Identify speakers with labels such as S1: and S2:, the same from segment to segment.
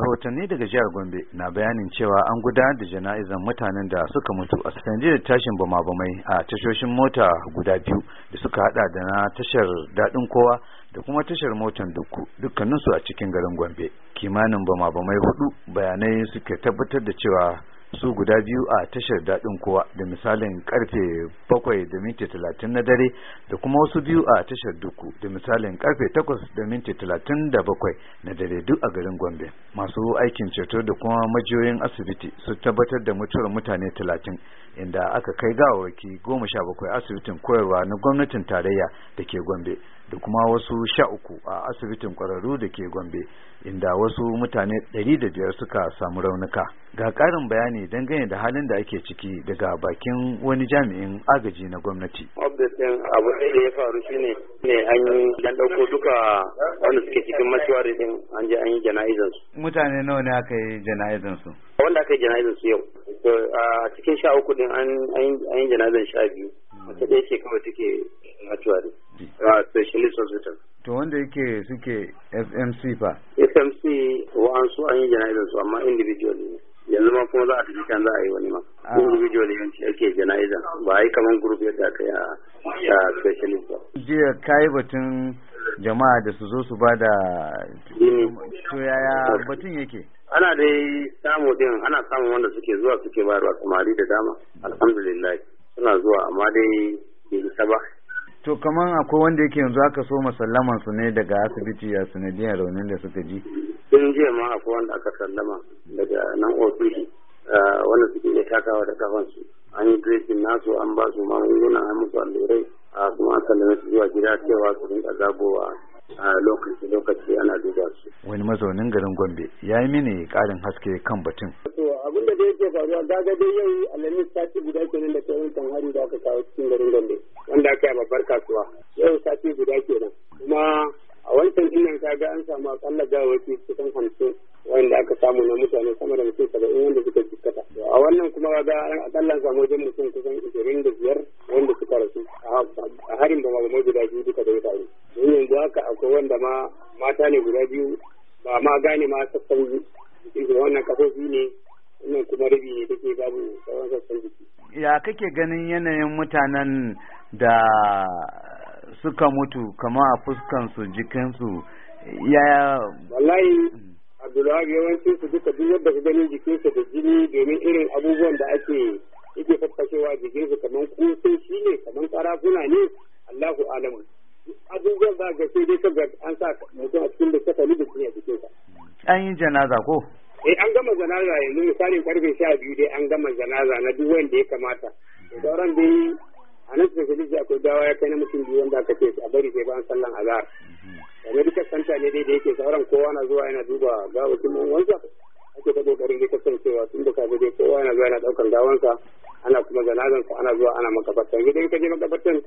S1: rahotanni daga jihar gombe na bayanin cewa an gudanar da jana'izan mutanen da suka mutu a sanadiyar tashin bama a tashoshin mota guda biyu da suka hada da na tashar daɗin kowa da kuma tashar motan dukku dukkaninsu a cikin garin gombe kimanin bama hudu bayanai suke tabbatar da cewa su guda biyu a tashar daɗin kowa da misalin karfe 7 da minti 30 na dare da kuma wasu biyu a tashar duku da misalin karfe 8 da minti 37 na dare duk a garin gombe masu aikin ceto da kuma majiyoyin asibiti su tabbatar da mutuwar mutane 30, inda aka kai gawarki goma sha bakwai asibitin koyarwa na gwamnatin tarayya da ke gombe da kuma wasu sha uku a asibitin kwararru da ke gombe inda wasu mutane ɗari suka samu raunuka ga ƙarin bayani dangane da halin da ake ciki daga bakin wani jami'in agaji na gwamnati.
S2: Obviously abu da ya faru shine ne an yi dan ɗauko duka wanda suke cikin mashiwari din an je an yi jana'izan
S1: su. Mutane nawa ne aka yi jana'izan su?
S2: Wanda aka yi jana'izan su yau. A cikin sha uku din an yi jana'izan sha biyu. Hmm. Wata ɗaya ce kawai take mashiwari. Hmm. A specialist hospital.
S1: to wanda yake suke fmc fa
S2: fmc wa'ansu an yi jana'izansu su amma individual ne yanzu ma kuma za a tafi can za a yi wani ma ah. ne yanci ake jana'izan ba a yi kamar group yadda aka yi a specialist ba
S1: jiya kayi batun jama'a da su zo su ba da to yaya batun yake
S2: ana dai samu din ana samun wanda suke zuwa suke bayarwa samari da dama alhamdulillah suna zuwa amma dai bai isa ba
S1: to kamar akwai wanda yake yanzu aka so masallaman su ne daga asibiti a sanadiyar raunin da suka ji
S2: tun jiya ma akwai wanda aka sallama daga nan ofishi ah, wanda suke iya takawa da kafansu an yi dressing nasu an ba su magunguna an musu allurai a ah, kuma an sallame su zuwa gida cewa su rinka zagowa a ah, lokaci lokaci ana duba su.
S1: wani mazaunin garin gombe ya yi mini karin haske kan batun.
S2: to abin da dai ke faruwa gaga dai yau alhamis sati guda kenan da sauran kan hari da aka kawo cikin garin gombe wanda aka yi babbar kasuwa yau sati guda kenan kuma ga an samu akalla gawaki cikin hamsin wanda aka samu na mutane sama da mutum saba'in wanda suka jikata a wannan kuma ga an akalla samu wajen mutum kusan ishirin da biyar wanda suka rasu a harin da ma guda biyu duka da ya faru yanzu haka akwai wanda ma mata ne guda biyu ba ma gane ma sassan jiki wannan kafofi ne wannan kuma rabi ne take babu sauran sassan jiki
S1: ya kake ganin yanayin mutanen da suka mutu kama a fuskansu jikinsu yaya
S2: wallahi abdullahi yawancin su duka duk yadda ka ganin jikinsa da jini domin irin abubuwan da ake yake faffashewa jikinsu kamar shi ne kamar karafuna ne allahu alamu abubuwan za ga sai dai kaga an sa mutum a cikin da saka ni da jini a jikinsa
S1: an yi janaza ko
S2: eh an gama janaza yanzu misalin karfe sha biyu dai an gama janaza na duk wanda ya kamata sauran dai a nan da akwai dawa ya kai na mutum biyu wanda aka ce a bari sai ba an sallan azhar medical center ne dai da yake sauran kowa na zuwa yana duba gawakin mawansa ake ta kokarin dai kasancewa tun da kaga dai kowa yana zuwa yana daukan gawansa ana kuma janazansa ana zuwa ana makabarta idan ka je makabartan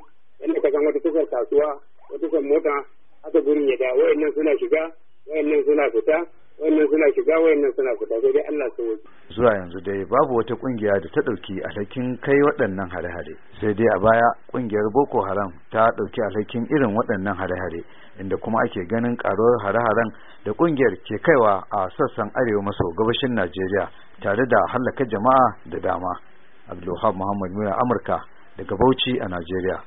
S2: inda ka san wata kusan kasuwa wata kusan mota haka gurin ya da wayannan suna shiga wayannan suna fita wannan suna shiga wayannan suna fita sai dai Allah su wuce
S1: zuwa yanzu dai babu wata kungiya da ta dauki alhakin kai waɗannan hare-hare sai dai a baya kungiyar Boko Haram ta dauki alhakin irin waɗannan hare-hare inda kuma ake ganin karuwar hare-haren da kungiyar ke kaiwa a sassan arewa maso gabashin Najeriya tare da hallaka jama'a da dama Abdulwahab Muhammad Mura Amurka daga Bauchi a Najeriya